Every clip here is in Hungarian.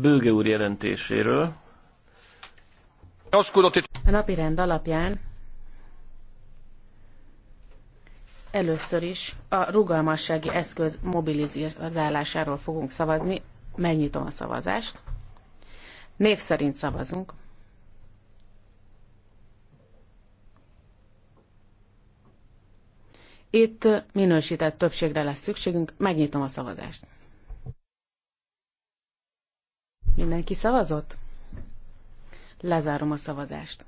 Bőge úr jelentéséről. A napi rend alapján először is a rugalmassági eszköz mobilizálásáról fogunk szavazni. Megnyitom a szavazást. Név szerint szavazunk. Itt minősített többségre lesz szükségünk. Megnyitom a szavazást. Mindenki szavazott? Lezárom a szavazást.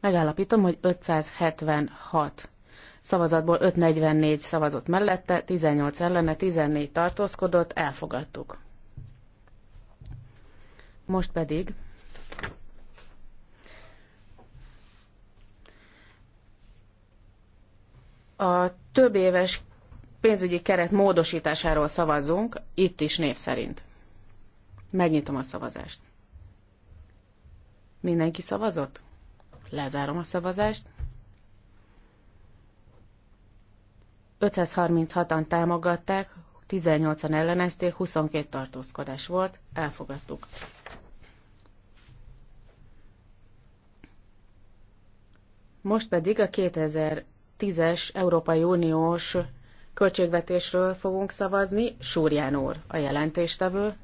Megállapítom, hogy 576 szavazatból 544 szavazott mellette, 18 ellene, 14 tartózkodott, elfogadtuk. Most pedig a több éves pénzügyi keret módosításáról szavazunk, itt is név szerint. Megnyitom a szavazást. Mindenki szavazott? Lezárom a szavazást. 536-an támogatták, 18-an ellenezték, 22 tartózkodás volt, elfogadtuk. Most pedig a 2010-es Európai Uniós költségvetésről fogunk szavazni. Súrján úr a jelentéstevő,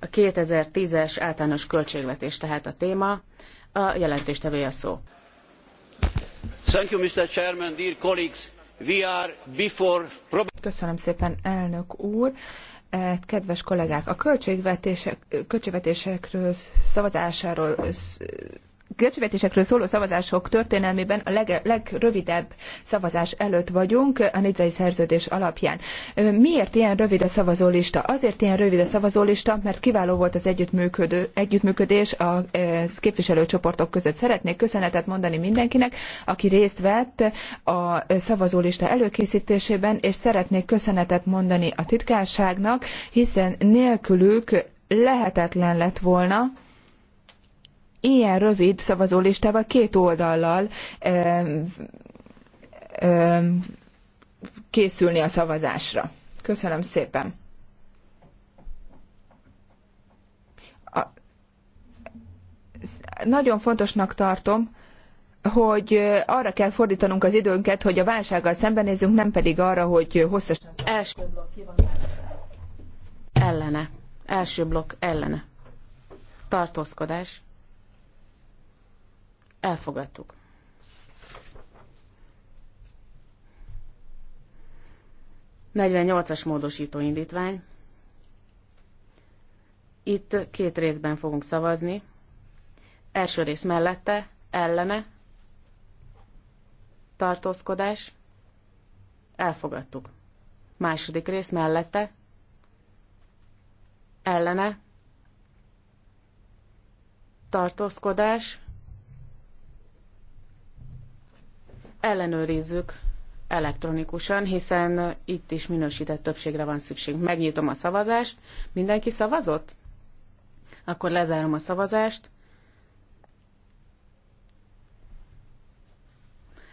a 2010-es általános költségvetés tehát a téma. A jelentéstevője a szó. Thank you, Mr. Chairman, dear colleagues. We are before... Köszönöm szépen, elnök úr. Eh, kedves kollégák, a költségvetések, költségvetésekről szavazásáról költségvetésekről szóló szavazások történelmében a leg, legrövidebb szavazás előtt vagyunk a nidzai szerződés alapján. Miért ilyen rövid a szavazólista? Azért ilyen rövid a szavazólista, mert kiváló volt az együttműködő, együttműködés a képviselőcsoportok között. Szeretnék köszönetet mondani mindenkinek, aki részt vett a szavazólista előkészítésében, és szeretnék köszönetet mondani a titkárságnak, hiszen nélkülük lehetetlen lett volna, ilyen rövid szavazólistával, két oldallal készülni a szavazásra. Köszönöm szépen. nagyon fontosnak tartom, hogy arra kell fordítanunk az időnket, hogy a válsággal szembenézzünk, nem pedig arra, hogy hosszasan... Első blokk ki van ellene. Első blokk ellene. Tartózkodás. Elfogadtuk. Negyvennyolcas módosító indítvány. Itt két részben fogunk szavazni. Első rész mellette, ellene, tartózkodás, elfogadtuk. Második rész mellette, ellene, tartózkodás, ellenőrizzük elektronikusan, hiszen itt is minősített többségre van szükség. Megnyitom a szavazást. Mindenki szavazott? Akkor lezárom a szavazást.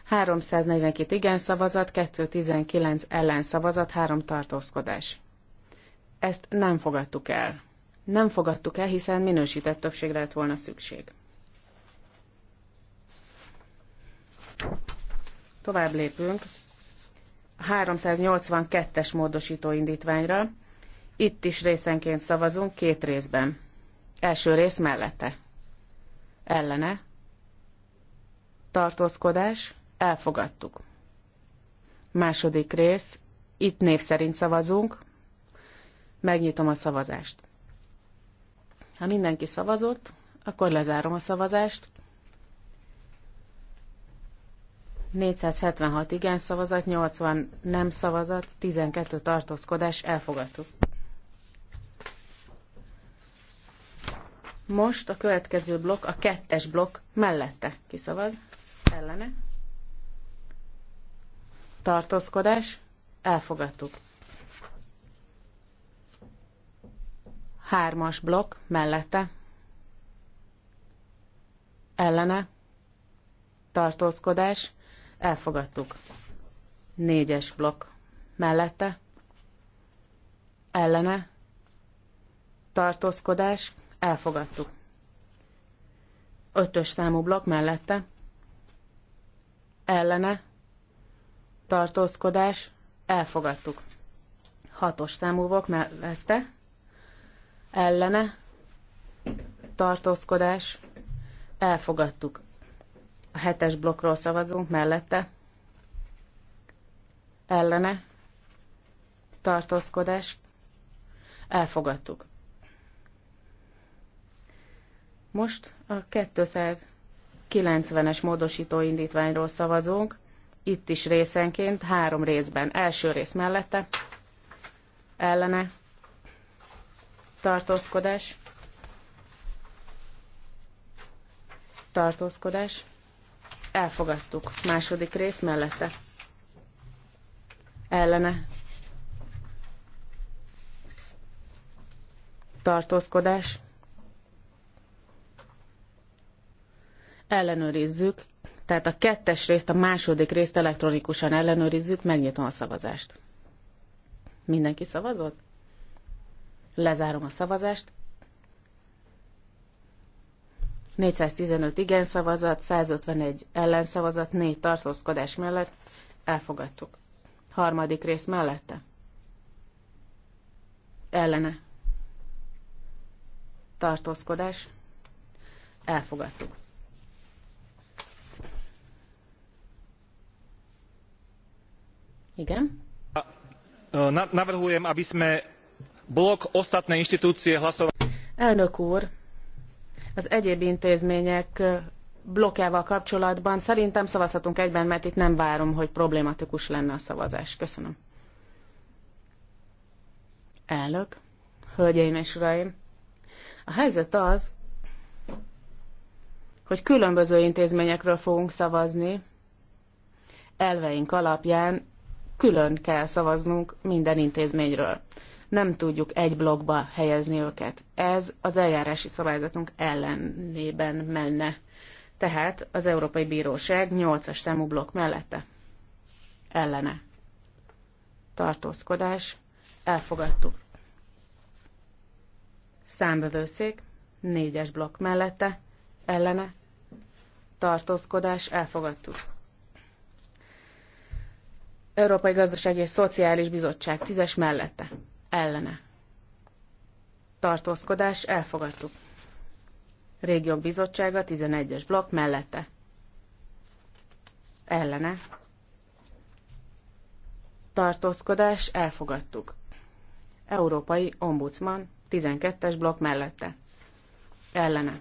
342 igen szavazat, 219 ellen szavazat, 3 tartózkodás. Ezt nem fogadtuk el. Nem fogadtuk el, hiszen minősített többségre lett volna szükség. Tovább lépünk. 382-es módosító indítványra. Itt is részenként szavazunk, két részben. Első rész mellette. Ellene. Tartózkodás. Elfogadtuk. Második rész. Itt név szerint szavazunk. Megnyitom a szavazást. Ha mindenki szavazott, akkor lezárom a szavazást. 476 igen szavazat, 80 nem szavazat, 12 tartózkodás elfogadtuk. Most a következő blokk, a kettes blokk mellette kiszavaz, ellene. Tartózkodás, elfogadtuk. Hármas blokk mellette, ellene, tartózkodás, elfogadtuk. Négyes blokk mellette, ellene, tartózkodás, elfogadtuk. Ötös számú blokk mellette, ellene, tartózkodás, elfogadtuk. Hatos számú blokk mellette, ellene, tartózkodás, elfogadtuk. A hetes blokkról szavazunk mellette. Ellene. Tartózkodás. Elfogadtuk. Most a 290-es módosító indítványról szavazunk. Itt is részenként, három részben. Első rész mellette. Ellene. Tartózkodás. Tartózkodás elfogadtuk. Második rész mellette. Ellene. Tartózkodás. Ellenőrizzük. Tehát a kettes részt, a második részt elektronikusan ellenőrizzük, megnyitom a szavazást. Mindenki szavazott? Lezárom a szavazást. 415 igen szavazat, 151 ellenszavazat, 4 tartózkodás mellett elfogadtuk. Harmadik rész mellette. Ellene. Tartózkodás. Elfogadtuk. Igen? Navrhujem, aby sme blok ostatné inštitúcie hlasovali. Elnök úr, az egyéb intézmények blokkjával kapcsolatban szerintem szavazhatunk egyben, mert itt nem várom, hogy problématikus lenne a szavazás. Köszönöm. Elnök, hölgyeim és uraim, a helyzet az, hogy különböző intézményekről fogunk szavazni, elveink alapján külön kell szavaznunk minden intézményről nem tudjuk egy blogba helyezni őket. Ez az eljárási szabályzatunk ellenében menne. Tehát az Európai Bíróság 8-as számú blokk mellette. Ellene. Tartózkodás. Elfogadtuk. Számbevőszék. 4-es blokk mellette. Ellene. Tartózkodás. Elfogadtuk. Európai Gazdasági és Szociális Bizottság tízes mellette ellene. Tartózkodás elfogadtuk. Régiók Bizottsága 11-es blokk mellette. Ellene. Tartózkodás elfogadtuk. Európai Ombudsman 12-es blokk mellette. Ellene.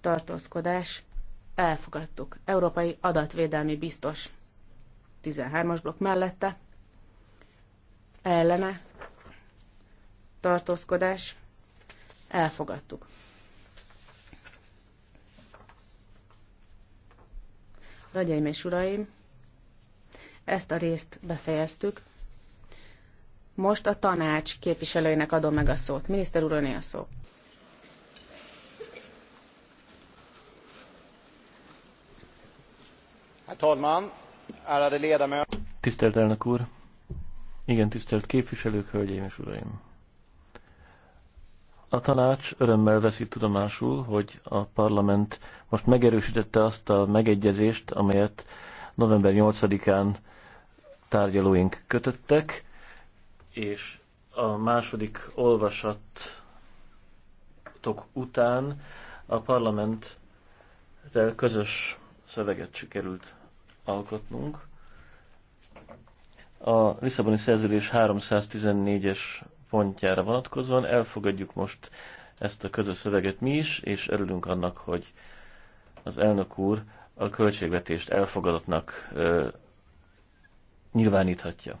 Tartózkodás elfogadtuk. Európai Adatvédelmi Biztos 13-as blokk mellette ellene tartózkodás elfogadtuk. Nagyjaim és uraim, ezt a részt befejeztük. Most a tanács képviselőinek adom meg a szót. Miniszter úr, a szó. Herr talman, ärade ledamöter. Tisztelt elnök úr, igen, tisztelt képviselők, hölgyeim és uraim! A tanács örömmel veszi tudomásul, hogy a parlament most megerősítette azt a megegyezést, amelyet november 8-án tárgyalóink kötöttek, és a második olvasatok után a parlament közös szöveget sikerült alkotnunk a Lisszaboni szerződés 314-es pontjára vonatkozóan elfogadjuk most ezt a közös szöveget mi is, és örülünk annak, hogy az elnök úr a költségvetést elfogadottnak ö, nyilváníthatja.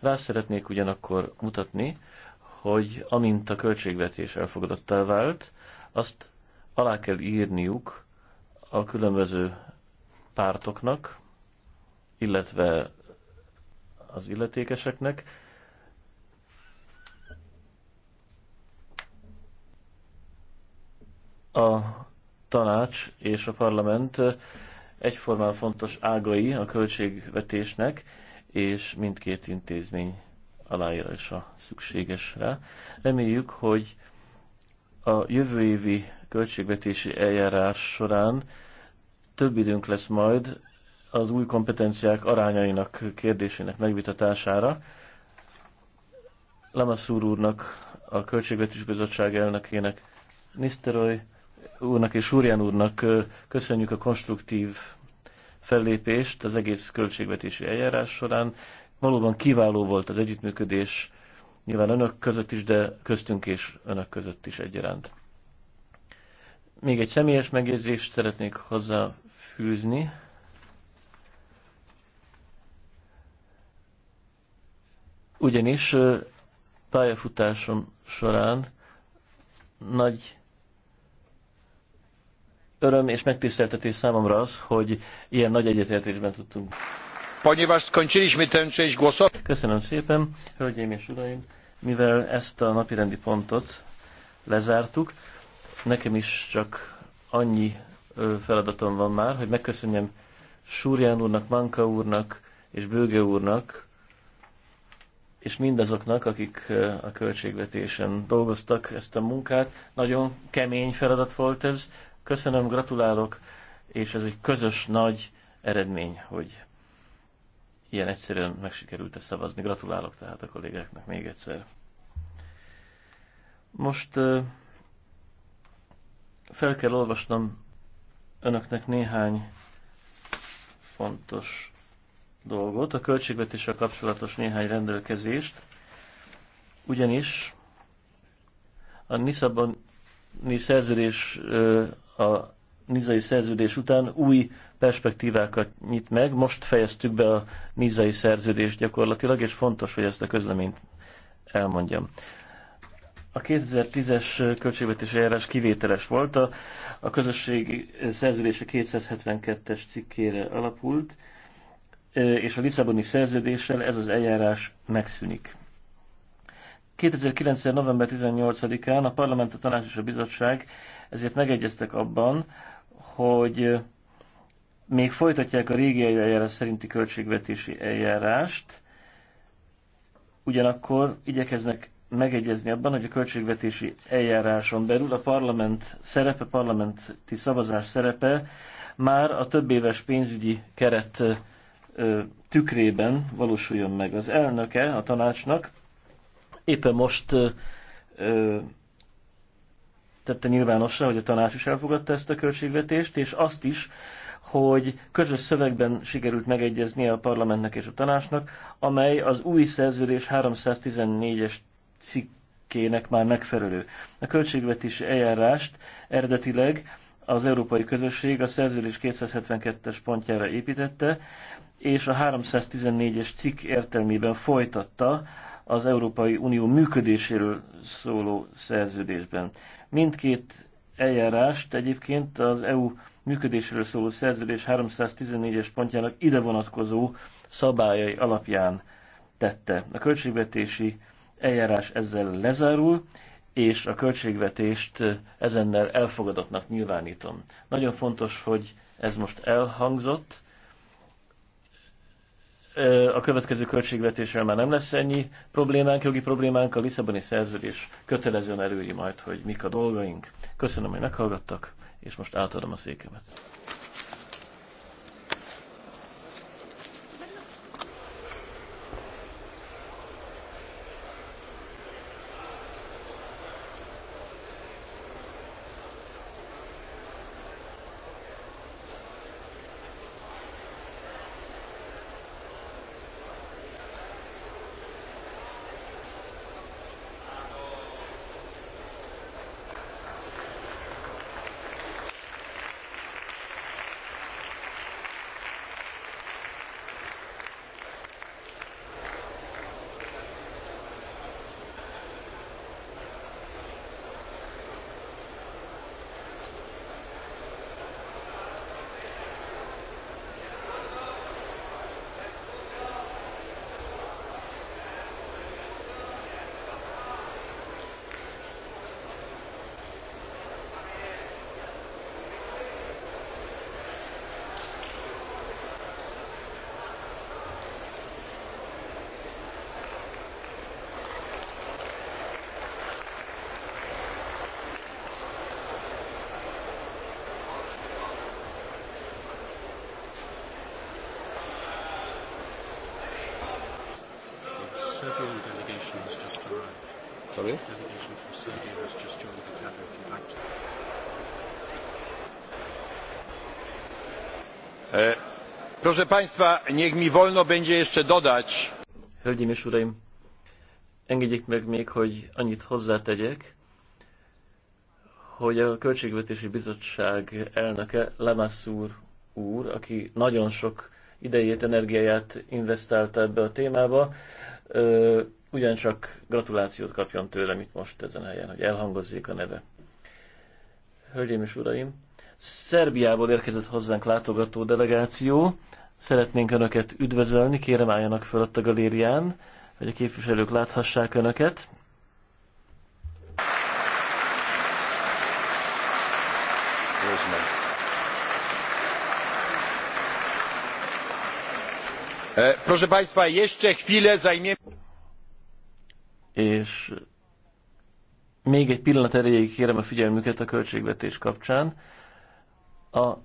Rá szeretnék ugyanakkor mutatni, hogy amint a költségvetés elfogadottá vált, azt alá kell írniuk a különböző pártoknak, illetve az illetékeseknek. A tanács és a parlament egyformán fontos ágai a költségvetésnek, és mindkét intézmény aláírása szükséges rá. Reméljük, hogy a jövő évi költségvetési eljárás során több időnk lesz majd az új kompetenciák arányainak kérdésének megvitatására. Lamassur úrnak, a Költségvetés Bizottság elnökének, Niszteroy úrnak és Súrján úrnak köszönjük a konstruktív fellépést az egész költségvetési eljárás során. Valóban kiváló volt az együttműködés, nyilván önök között is, de köztünk és önök között is egyaránt. Még egy személyes megjegyzést szeretnék hozzáfűzni. Ugyanis pályafutásom során nagy öröm és megtiszteltetés számomra az, hogy ilyen nagy egyetértésben tudtunk. Ponieważ skończyliśmy tę część Köszönöm szépen, hölgyeim és uraim, mivel ezt a napirendi pontot lezártuk, nekem is csak annyi feladatom van már, hogy megköszönjem Súrján úrnak, Manka úrnak és Bőge úrnak, és mindazoknak, akik a költségvetésen dolgoztak ezt a munkát. Nagyon kemény feladat volt ez. Köszönöm, gratulálok, és ez egy közös nagy eredmény, hogy ilyen egyszerűen meg sikerült ezt szavazni. Gratulálok tehát a kollégáknak még egyszer. Most fel kell olvasnom önöknek néhány fontos dolgot, a költségvetéssel kapcsolatos néhány rendelkezést, ugyanis a Niszabani szerződés, a nizai szerződés után új perspektívákat nyit meg. Most fejeztük be a nizai szerződést gyakorlatilag, és fontos, hogy ezt a közleményt elmondjam. A 2010-es költségvetési eljárás kivételes volt, a, a közösségi szerződése 272-es cikkére alapult, és a Lisszaboni szerződéssel ez az eljárás megszűnik. 2009. november 18-án a Parlament, a Tanács és a Bizottság ezért megegyeztek abban, hogy még folytatják a régi eljárás szerinti költségvetési eljárást, ugyanakkor igyekeznek megegyezni abban, hogy a költségvetési eljáráson belül a parlament szerepe, parlamenti szavazás szerepe már a több éves pénzügyi keret tükrében valósuljon meg. Az elnöke a tanácsnak éppen most tette nyilvánosra, hogy a tanács is elfogadta ezt a költségvetést, és azt is, hogy közös szövegben sikerült megegyezni a parlamentnek és a tanácsnak, amely az új szerződés 314-es cikkének már megfelelő. A költségvetési eljárást eredetileg az Európai Közösség a szerződés 272-es pontjára építette, és a 314-es cikk értelmében folytatta az Európai Unió működéséről szóló szerződésben. Mindkét eljárást egyébként az EU működéséről szóló szerződés 314-es pontjának ide vonatkozó szabályai alapján tette. A költségvetési eljárás ezzel lezárul, és a költségvetést ezennel elfogadottnak nyilvánítom. Nagyon fontos, hogy ez most elhangzott, a következő költségvetéssel már nem lesz ennyi problémánk, jogi problémánk, a Lisszaboni szerződés kötelezően előri majd, hogy mik a dolgaink. Köszönöm, hogy meghallgattak, és most átadom a székemet. Proszę Państwa, niech mi wolno będzie jeszcze dodać. Hölgyeim és Uraim, engedjék meg még, hogy annyit hozzátegyek, hogy a Költségvetési Bizottság elnöke Lemassur úr, aki nagyon sok idejét, energiáját investálta ebbe a témába, ö, ugyancsak gratulációt kapjon tőlem itt most ezen a helyen, hogy elhangozzék a neve. Hölgyeim és Uraim, Szerbiából érkezett hozzánk látogató delegáció, Szeretnénk Önöket üdvözölni, kérem álljanak fel ott a galérián, hogy a képviselők láthassák Önöket. E, proszę Państwa, jeszcze chwilę zajmie... És még egy pillanat erejéig kérem a figyelmüket a költségvetés kapcsán. A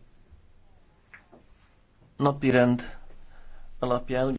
napirend alapján